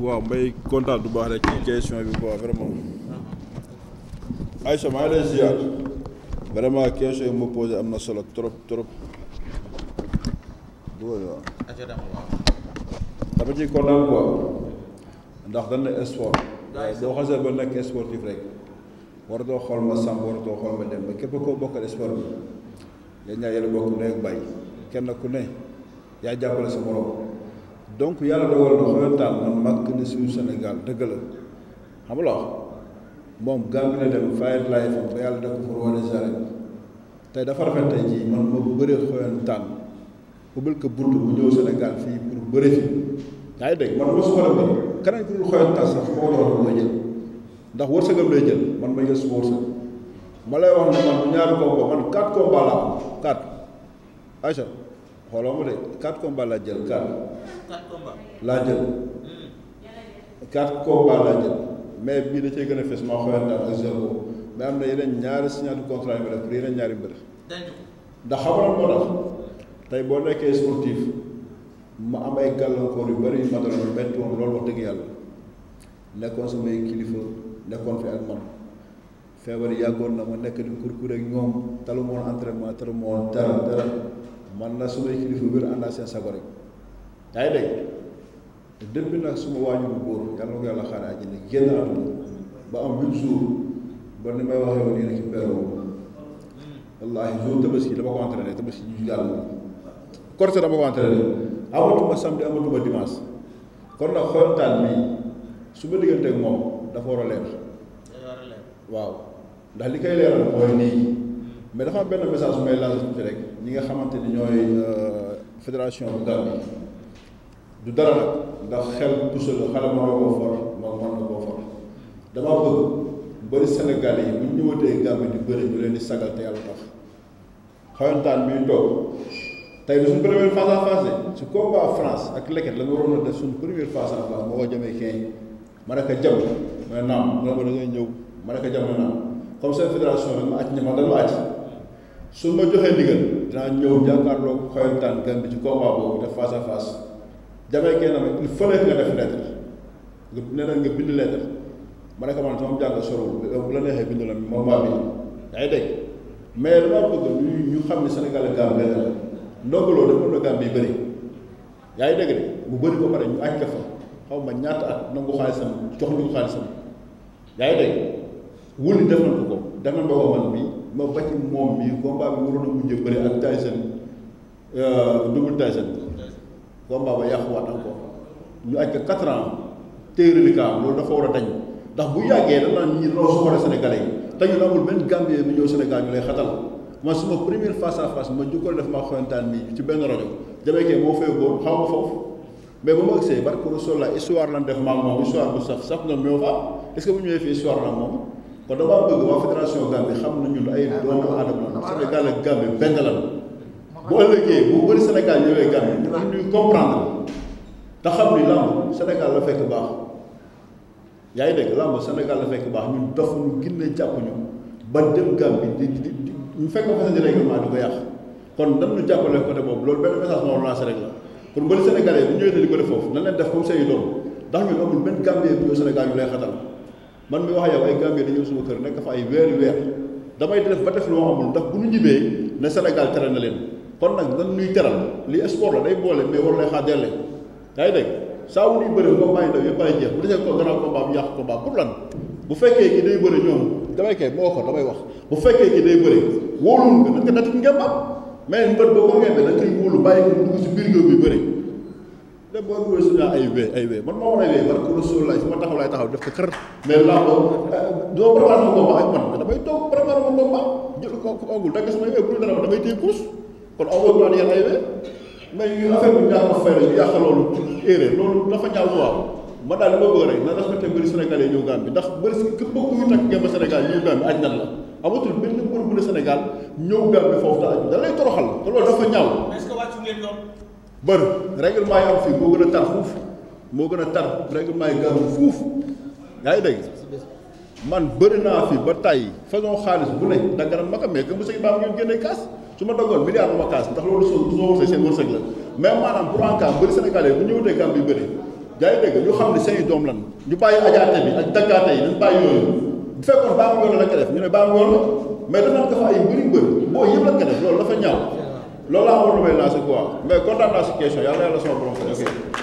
waaw mbay kontaan du baax rek ci question bi quoi vraiment. Aïcha maa ngi lay ziar vraiment question yi ma posé am na solo trop trop. dama ciy kontaan quoi ndax dañ ne sport boo xasee ba nekk sportif rek waratoo xool ma sàmm waratoo xool ma dem ba képp koo bokkal sport bi yéen ñaa yéen a bokk ndey ak bàyyi kenn ku ne yaa jàppale sa morom. donc yàlla dogal na xoyantaan man màgg na suñu Sénégal dëgg la xam nga wax moom gàmbi na dem fayet laay fa yàlla da ko pour wane Jérusalem tey dafa rafet tey jii man ma bëre xoyantaan ubbil ko bunt bu ñëw Sénégal fii pour bëre fi yaa ngi dégg man mosuma la bëri keneen ku dul xoyantaan sax moo doon mooy jël ndax wërsëgam lay jël man ma jël su wërsëg ma lay wax ne man ñaari combat man quatre combat laa quatre Aïcha xooloo ma de quatre combats laa jël quatre. quatre laa jël. Hmm. quatre mais bii da cee gën a fës maa xoolee daal ak zéro mais am na yeneen ñaari signature contrat yu pour yeneen ñaari mbir. ndax xamal moo tax tey boo nekkee sportif ma am ay gàllankoor yu bëri yu ma doon métti loolu wax dëgg yàlla nekkoon samay kilifa nekkoon fi ak man feebar yàggoon na ma nekk di kurkur ñoom talu moon entraînement talu moon man na sumay kilifa wér ànd ak seen sago rek yaa ngi dégg te depuis nag suma waajuru góor yàlla na ko yàlla xaare àjjana génn àdduna ba am huit jours ba ni may waxee woon nii rek ci période wallaahi jour tabaski dama ko entraîné tabaski ju jàll korte dama ko entraîné amatuma samedi amatuma dimanche kon nag xooltaan bi su ma diggante moom dafa war a leer waaw ndax li koy leeral mooy nii mais dafa am benn message bu may lancer rek ñi nga xamante ni ñooy euh, fédération bu Gambie du dara nag ndax xel bu poussé la xale moo ko for moo mën na koo for damaa bëgg bëri Sénégal yi bu ñu ñëwatee Gambie di bëri ñu leen di sagal te yàlla tax xawantaan bi ñu toog tey bi suñu première face à face su France ak Leket la nga waroon a def suñu première face à face moo ko jëmee kii ma ne ko jam ma ne naam ma ne ko da ñëw ma ne ko jam ma naam comme seen su ma joxee ndigal dinaa ñëw jàkkaarloo xoyantaan gan bi ci combat boobu def face à face jamee kenn nag il fallait que nga def lettre nga ne nag nga bind lettre ma ne jàng sorowul bu la neexee bind la moom maa bind yaa ngi dégg mais dama bëgg ñu ñu xam ne Sénégal Gambie benn la ndongoloo dafa mën a Gambie yu bëri yaa ngi dégg de mu bëri ba pare ñu àcc fa xaw ma ñaata at nangu xaalisam jox ñu ko xaalisam yaa dégg wul def nañ ko ko dama ba man bi ma ba ci moom mi combat bi waroon a mujj bëri ak Tyson euh, double Tyson combat ba yàquwaat encore ñu aj ko quatre ans téerali kaam loolu dafa war a dañ ndax bu yàggee da naan ñi loo soxore sénégalais yi te ñu amul benn Gambien bu ñëw Sénégal ñu lay xatal man suma première face à face ma jukkoon def maa xoyantaan nii ci benn rajo jamekee moo fay góor xaw ma foofu mais ba ma agsee barke rasul la histoire histoire bu saf saf na ñëw kon damaa bëgg waa fédération Gambie xam na ñun ay doomu la Sénégal ak Gambie benn la bu ëllëgee bu bëri Sénégal ñëwee Gambie dinañ la baax yaa ngi dégg làmb Sénégal la fekk baax ñun dof ñu gën jàpp ñu ba dem Gambie di ñu fekk ko seen règlement di ko yàq kon dañ ñu jàppale côté boobu loolu benn message moo lancé rek la kon mbëri Sénégalais bu foofu nan leen def comme seen i doom ndax ñun amul benn Gambie bu man mi wax yow ay Gambie dañoo suma kër nekk fa ay weeri weer damay def ba def lu ma xamul ndax bu ñu ñibbee ne Sénégal tere na leen kon nag nan ñuy teral li sport la day boole mais waru lay xaar delle yaa ngi dégg saa wu ñuy bëree combat yi ndaw yëpp ay jeex bu desee ko gannaaw combat bi yàq combat pour lan bu fekkee ki day bëri ñoom damay kay moo ko damay wax bu fekkee ki day bëri wóolul nga naka natt ngembam mais mbër boo ko ngembee da koy wóolu bàyyi biir géew bi bëri dem ba wóor si ay wéy ay wéy man maa war a wéy man ku Rasulullah su ma taxaw laay taxaw def ko kër. mais laa euh, ko doo préparé ko ba ak man damay toog préparé ko ba jël ko ku ogul dagg sama wéy bu dul damay téye loolu dafa ñaaw waaw ma daal li ma bëgg rek na respecté mbëri Sénégalais ñëw Gambie ndax mbëri si képp ku ñu takk gémba Sénégal ñëw Gambie aj nan la amatul benn mbër bu ne Sénégal ñëw Gambie foofu te aj toroxal te loolu dafa ñaaw bëri règlement yi am fii moo gën a tar fuuf moo gën a tar règlement yi gaaw fuuf yaa ngi dégg man bëri naa fi ba tàyyi façon xaalis bu ne daggaram ma ko mais que monsieur ma doggoon milliard ma kaas ndax loolu soo soo wërsëg seen wërsëg la mais maanaam pour en cas bëri sénégalais bu ñëwatee ñu ne seen i doom lan ñu bàyyi ajaate bi ak daggaate ne baamu yoon mais dafa am ay mbiri mbër boo yëpp la ko loolu dafa ñaaw loolu laa amoon lu may lancé quoi mais kontaan naa si question yàlla na yàlla sama borom